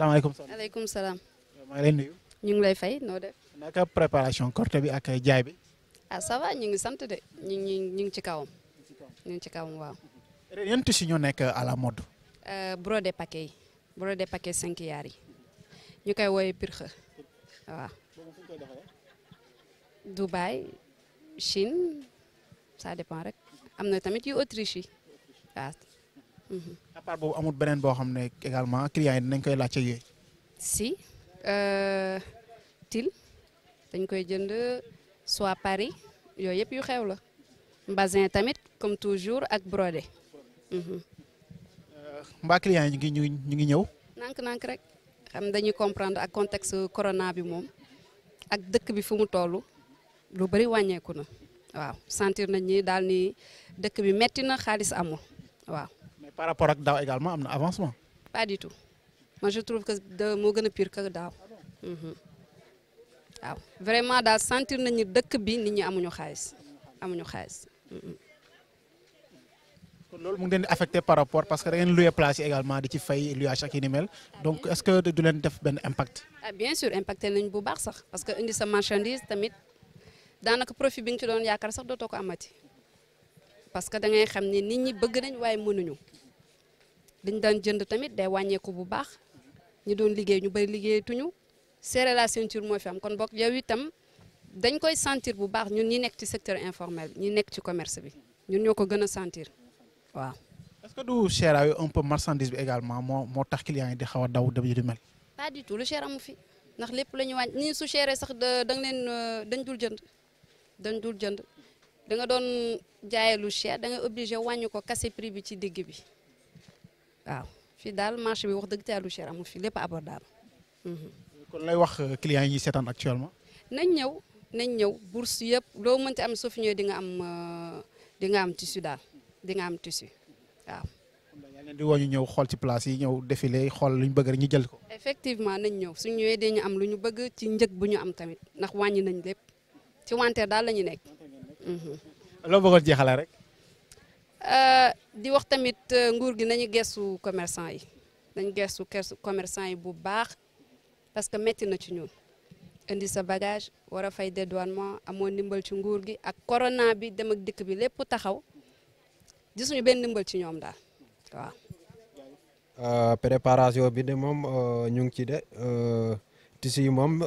salaamaaleykum. waaleykum salaam. maa ngi ñu ngi lay fay noo def. naka préparation corte bi ak jaay bi. a ah, ça ñu ngi sant de ñu ngi ñu ngi ci kawam. ñu ngi ci kawam waaw. yan tissu ñoo nekk à la mode. Euh, brodé paquet yi brodé paquet cinq yaar yi ñu koy woowee pirxe waaw. Dubaï Chine ça dépend rek am na tamit yu Autriche yi Mm-hmm. à part boobu amul beneen boo xam ne également clients yi dañ koy laajte yooyu. si euh, til dañ koy jënd soit Paris yooyu yëpp yu xew la mbasin tamit comme toujours ak brode mm-hmm. euh, mbaa client yi ñu ngi ñëw. nànk-nànk rek xam dañuy comprendre ak contexte corona bi moom ak dëkk bi fu mu toll lu bëri wàññeeku na waaw sentir nañ ni daal ni dëkk bi metti na xaalis amul waaw. par rapport ak daaw également am na avancement. pas du tout moi je trouve que de moo gën pire que daaw. Mhm. waaw vraiment daal sentir nañu dëkk bi nit ñi amuñu xaalis amuñu xaalis. Mhm. kon loolu mu ngi leen di affecté par rapport parce que da ngeen loué place yi également di ci fay louage ak yi ni mel donc est-ce que du leen def benn impact. ah bien sûr impacté nañ bu baax sax parce que indi sa marchandise tamit daanaka profit bi nga ci doon yaakaar sax dootoo ko amati parce que da ngay xam ni nit ñi bëgg nañ waaye mënuñu. liñ daan jënd tamit day wàññeeku bu baax ñu doon liggéey ñu bëri liggéeyatuñu serrer la ceinture moo fi am kon boog yow itam dañ koy sentir bu baax ñun ñi nekk ci secteur informel bi ñi nekk ci commerce bi ñun ñoo ko gën a sentir waaw. est-ce que du cher ay un peu marchandise bi également moo moo tax client yi di xaw a daw dem yu di mel. pas du tout lu cher amu fi ndax lépp la ñu wàññi ñii su chéré sax da nga leen euh, dañ dul jënd dañ dul jënd da nga doon jaayee lu cher da nga obligé wàññi ko casser prix bi ci digg bi. waaw fii daal marché bi wax dëgg te lu cher amul fii lépp abordable. Mhm. kon lay wax euh, clients yi ñuy seetaan actuellement. nañ ñëw nañ ñëw bourse yëpp loo mënti am soo fi ñëwee di nga am euh, di nga am tissu daal di nga am tissu waaw. di woo ñëw xool ci place yi ñëw défilé xool lu ñu bëgg rek ñu jël ko. effectivement nañ ñëw su ñëwee ñu am lu ñu bëgg ci njëg bu ñu am tamit ndax wàññi nañ lépp ci wanteer daal la nekk. Mhm. loo bëggoon jeexalee rek. Euh, di wax tamit euh, nguur gi nañu gestu commerçant yi nañu gestu commerçant yi bu baax parce que métti na ci ñun indi sa bagage war a fay dédouanement amoo ndimbal ci nguur gi ak corona bi dem ak dikk bi lépp taxaw gisuñu benn ndimbal ci ñoom daal waaw. Euh, préparation bi de moom ñu ngi ci de tissu yi moom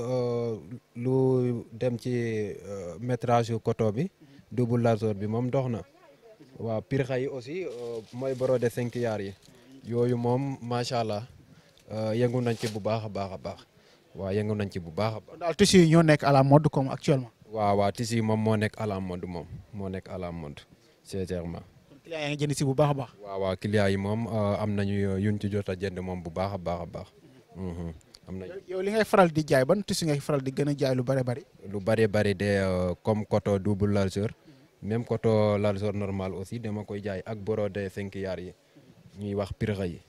lu dem ci métrage coton bi double largeur bi moom dox na. waaw pirxa yi aussi euh, mooy de cinq yaar yi yooyu moom macha allah euh, yëngu nañ ci bu baax a baax a baax waaw yëngu nañ ci bu baax a baax. daal ñoo nekk à la mode comme actuellement. waaw moom moo nekk à la mode moom moo nekk a la mode sincèrement. kon client yaa ngi jënd si bu baax a baax. waaw waaw moom euh, am nañu yuñ ci jot a jënd moom bu baax a baax a baax. Mhm. am na yow li ngay faral di jaay ban tissu ngay faral di gën a jaay lu bari bari. lu bari bari de comme koto double largeur. même koto lal sor normal aussi dema koy jaay ak borodé cinq yaar yi ñuy wax pirxa yi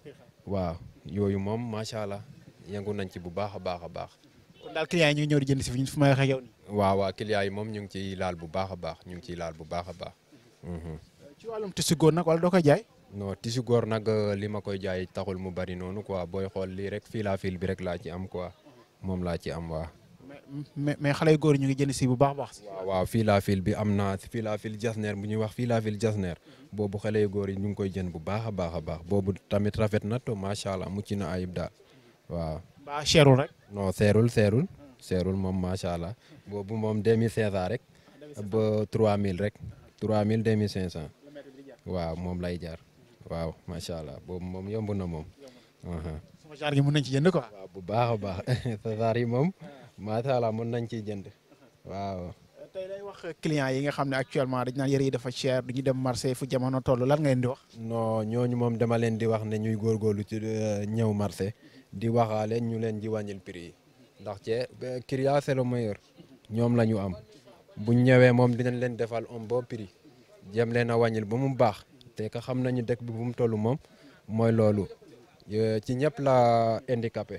waaw yooyu moom macha allah yëngu nañ ci bu baax a baax a baax. kon daal client yi ñu ñëw di jënd si fi may waxee yow nii. waaw waaw client yi moom ñu ngi ciy laal bu baax a baax ñu ngi ciy laal bu baax a baax. Mhm. ci wàllum tissu nag wala doo koy jaay. non tissu góor nag euh, li ma koy jaay taxul mu bari noonu quoi booy xool lii rek fii laa fil bi rek laa ci am quoi moom laa ci am waa mais mais xale yu góor ñu ngi jënd si bu baax baax. waaw waaw filaafil bi am naa filaafil jasneer bu ñuy wax filaafil jasneer mhm. boobu xale yu góor yi ñu ngi koy jënd bu baax a baax a baax boobu tamit rafet na to macha allah mucc na ayib daal waaw. ba seerul rek. non seerul seerul. seerul moom macha allah boobu moom 2500 rek. ba 3000 rek. 3000 2500. waaw moom lay jaar. waaw macha allah boobu moom yomb na moom. sama genre gi mën nañ ci jënd quoi. bu baax a baax sasaar yi moom. Ah. macha allah mën nañ ciy jënd waaw. tey lay wax client yi nga xam ne actuellement dañ naan yëre yi dafa cher du ñu dem marché fu jamono toll lan ngeen di wax. non ñooñu moom dama leen di wax ne ñuy góorgóorlu ci euh, ñëw marché di waxaale ñu leen di wàññil prix yi ndax cee client c'est le ñoom la ñu am buñ ñëwee moom dinañ leen defal un bon prix jëm leen a wàññil ba mu baax te ka xam nañu dëkk bi bu mu toll moom mooy loolu ci ñëpp la handicapé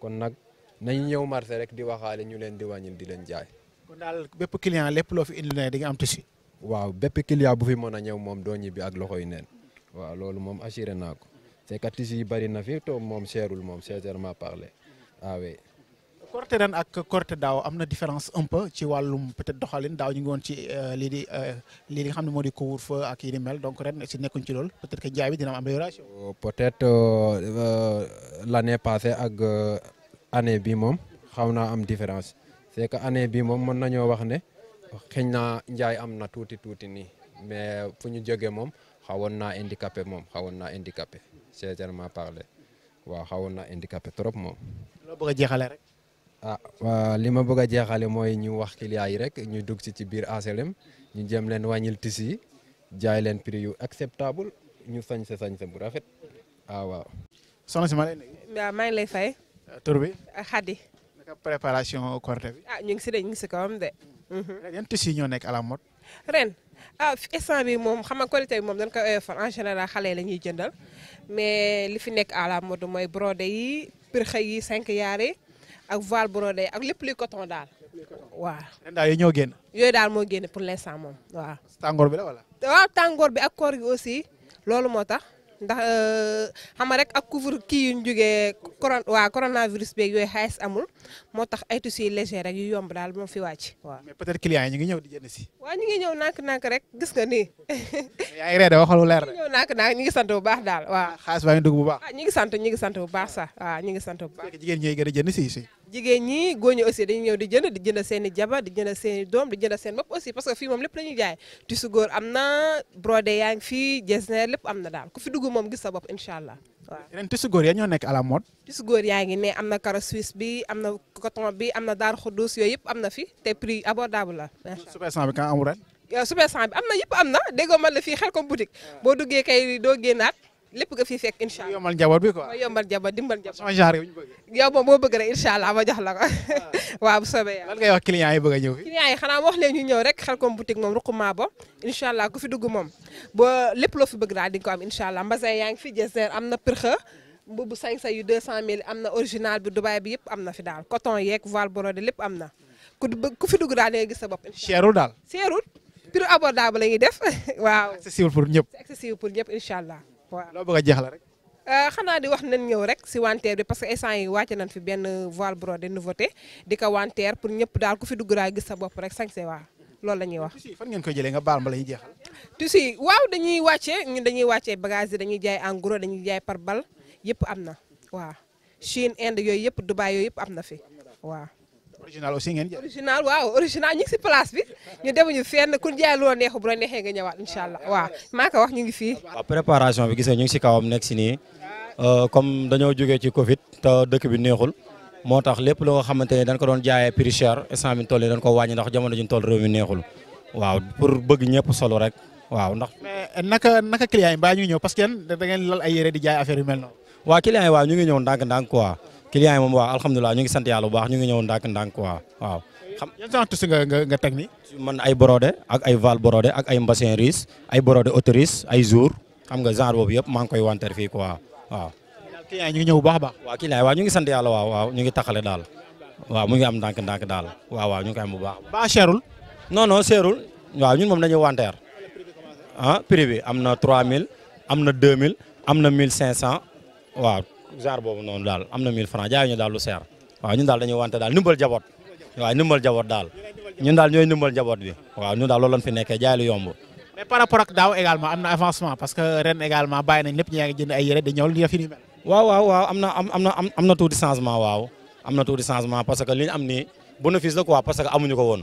kon nag. nañ ñëw marché rek di waxaale ñu leen di wàññil di leen jaay. kon daal bépp client lépp loo fi indi ne di nga am tissu. waaw bépp client bu fi mën a ñëw moom doo ak loxoy neen waaw loolu moom assuré naa c'est que tissu bari na fi to mom seerul mom sincèrement parler ah oui. korte ren ak korte daw am na différence un peu ci wàllum peut-être doxalin daaw ñu ngi woon ci euh, lii di euh, lii di nga xam ne moo feu ak yi mel donc ren si nekkuñ ci loolu peut-être que njaay bi dina am amélioration. Oh, peut-être euh, l'année passée ak. Ane bi mom xawna am différence c'est que année bi mom mën nañu wax ne xëñ njaay am na tuti tuuti nii mais fuñu joggé mom moom na handicapé mom xawoon na handicapé sincèrement parler wa xawoon naa handicapé trop mom lo bëgg jéxalé rek. ah wa lima bëgg jéxalé moy ñu wax client yi rek ñu dugg ci ci bir ASLM ñu jëm leen wañil tisi jaay leen prix yu acceptable ñu sañ sañse bu rafet ah wa soxna ci ma lay fay. tur bi. Euh, Khady. naka préparation Korité bi. ah ñu ngi si de ñu ngi si kawam de. Mhm. yan ci yi ñoo nekk à la mode. ren ah instant bi mom xam nga Korité bi mom dañ koy oyofal en général xalé lañuy jëndal mais li fi nek à la mode mooy brodé yi pirxe yi 5 yaar ak voile brodé ak lepp luy coton dal waaw. ren daal yooyu ñoo génn. yooyu daal moo génn pour l'instant mom waaw. tangor bi la wala. waaw ah, tangor bi ak koor gi aussi lolu moo tax. ndax euh, xam nga rek ak couvre kii yu ñu jugee corona waa coronavirus beeg yooyu xaalis amul moo tax ay tissus léger rek yu yomb daal moo fi wàcc waaw. mais peut-être clients yi ñu ngi ñëw di jënd si. waa ñu ngi ñëw nànk-nànk rek gis nga nii. yaa ngi reede waxal lu leer rek ñu ngi ñëw nànk-nànk ñu ngi sant bu baax daal waaw. xaalis baa ngi dugg bu baax. ah ñu ngi sant ñu ngi sant bu baax sax waaw ñu ngi sant bu baax. jigéen ñi gën a jënd si si. jigéen ñi góor aussi dañuy di jënd di jënd seen i di jënd seen i doom di jënd seen bopp aussi parce que fii moom lépp la jaay tissu am na brodé yaa ngi fii jesner lépp am na daal ku fi dugg moom gis bopp incha allah waaw yaa ngi ne am na caro suisse bi am na coton bi am na daar xudus yooyu yëpp am na fi te prix abordable la super cent am na yëpp am na déggoo man la fii xel comme boutique boo duggee kay doo génnaat lépp nga fi fekk incha allah yombal njaboot bi quoi ma yombal njaboot dimbal njaboot sama genre yi ñu bëgg yow moom boo bëgg rek incha allah ma jox la ko waaw bu soobee yàlla lan ngay wax client yi bëgg a ñëw fi client yi xanaa wax leen ñu ñëw rek Khelcom boutique moom ruquma ba incha allah ku fi dugg moom ba lépp loo fi bëgg daal di nga ko am incha allah mbasin yaa ngi fi jëseer am na pirxa mbubu sañsa yu 200 mille am na original bi Dubaay bi yëpp am na fi daal coton yeeg voile brodé lépp am na ku ku fi dugg daal di nga gis sa bopp seerul daal seerul prix abordable la ñuy def waaw accessible pour ñëpp accessible pour ñëpp incha allah waaw loo bëgg a jeexle rek. Euh, xanaa di wax nañ ñëw si wanteer bi parce que instant yi wàcce fi benn voile brodé nouveauté di ko wanteer pour ñëpp daal ku fi dugg daal gis sa bopp rek sañse waa loolu la ñuy wax. tissu fan ngeen fi original waaw original ñu si place bi ñu demuñu fenn ku jaay loo neexu bu neexee nga ñëwaat incha allah waaw maa wax ñu ngi fii. préparation bi gis nga ñu ngi si kawam nekk si nii euh, dañoo jógee ci Covid te dëkk bi neexul moo tax lépp loo xamante ne dañ ko doon jaayee prix cher instant bi toll yi dañ ko ji ñu toll réew mi neexul waaw pour bëgg ñëpp solo rek waaw naka naka client ñu ngi parce que yéen da lal ay di jaay affaire yu waa client waaw ñu ngi ñëw ndànk-ndànk quoi client yi moom waaw alhamdulilah ñu ngi sant yàlla bu baax ñu ngi ñëw ndànk-ndànk quoi waaw. xam yan genre nga nga man ay brodé ak ay val brodé ak ay mbassin riche ay brodé autorise ay jour xam nga genre boobu yëpp maa ngi koy wanteer fii quoi waaw. client yi ñu ngi ñëw bu baax a baax. waaw client yi waaw ñu ngi sant yàlla waaw waaw ñu ngi taxale daal waaw mu ngi am ndànk-ndànk daal waaw waaw ñu ngi am bu baax. baa seerul. non non seerul waaw ñun moom dañuy wanteer ah prix bi am na 3000 am na 2000 am na 1500 waaw genre boobu noonu daal am na 1000 francs jaayuñu daal lu seer waaw ñun daal dañuy wante daal ndimbal jaboot waaw ndimbal jaboot daal ñun daal ñooy ndimbal jaboot bi waaw ñun daal loolu fi nekkee jaay yomb par rapport daaw également am avancement parce que ren également bàyyi nañ lépp ñu ngi jënd ay yére di ñëw li nga fi ni mel waaw waaw waaw am am na am na tuuti changement waaw am na tuuti changement parce que li ñu am nii bénéfice la quoi parce que amuñu ko woon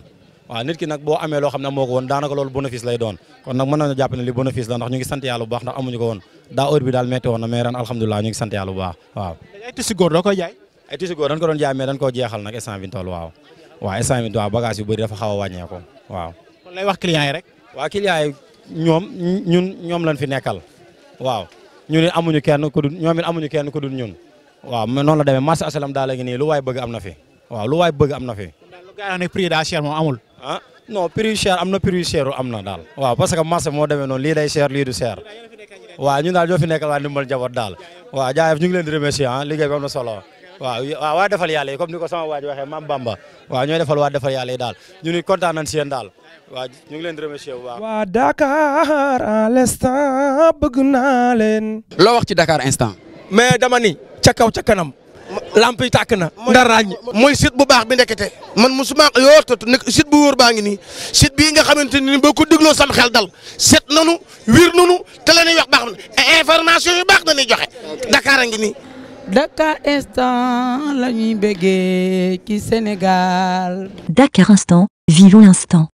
waaw nit ki nag boo amee loo xam ne moo ko woon daanaka loolu bénéfice lay doon kon nag mën nañu jàpp ne li bénéfice la ndax ñu ngi sant baax ndax amuñu ko woon daa heure daal metti woon na mais ren alhamdulilah ñu baax waaw ay tissu góor doo koy jaay ay tissu góor dañ ko doon jaay mais dañ koo jeexal nag instant bi waaw waaw instant waaw bagage yu bëri dafa xaw a wàññeeku waaw kon lay wax client yi rek ñoom ñun ñoom lañ fi nekkal waaw ñu ne amuñu kenn ku dul ñoom it amuñu kenn ku dul ñun waaw noonu demee marché asalam daal la ngi waay bëgg am na fi waaw lu waay bëgg am na fi prix daa cher moom amul ah non prix cher am na prix cher am na daal waaw parce que marché moo demee noonu lii day cher lii du cher waaw ñun daal ñoo fi nekkal waa ndimbal njaboot daal waaw jaayef ñu ngi leen di remercier ah liggéey bi solo waaw waaw waa defal yàlla yi comme ni ko sama waaj waxee maam Bamba waaw ñooy defal waa defal yàlla yi daal ñu ni kontaan nañ si yéen daal waaw ñu ngi leen di remercier bu baax. waa Dakar à l'instant bëgg naa loo wax ci Dakar instant. mais dama ni ca kaw ca kanam. lamp yi tàkk na. nga ràññ mooy site bu baax bi ndekete. man mosuma yootatu nekk site bu wóor baa ngi nii sit bii nga xamante ni boo ko dégloo sam xel dal set nanu wir nanu te la ñuy wax baax na e information yu baax dañuy joxe Dakar a ngi ni Dakar Instant la ñuy bëggee ci Sénégal. Dakar Instant, vivons l'instant.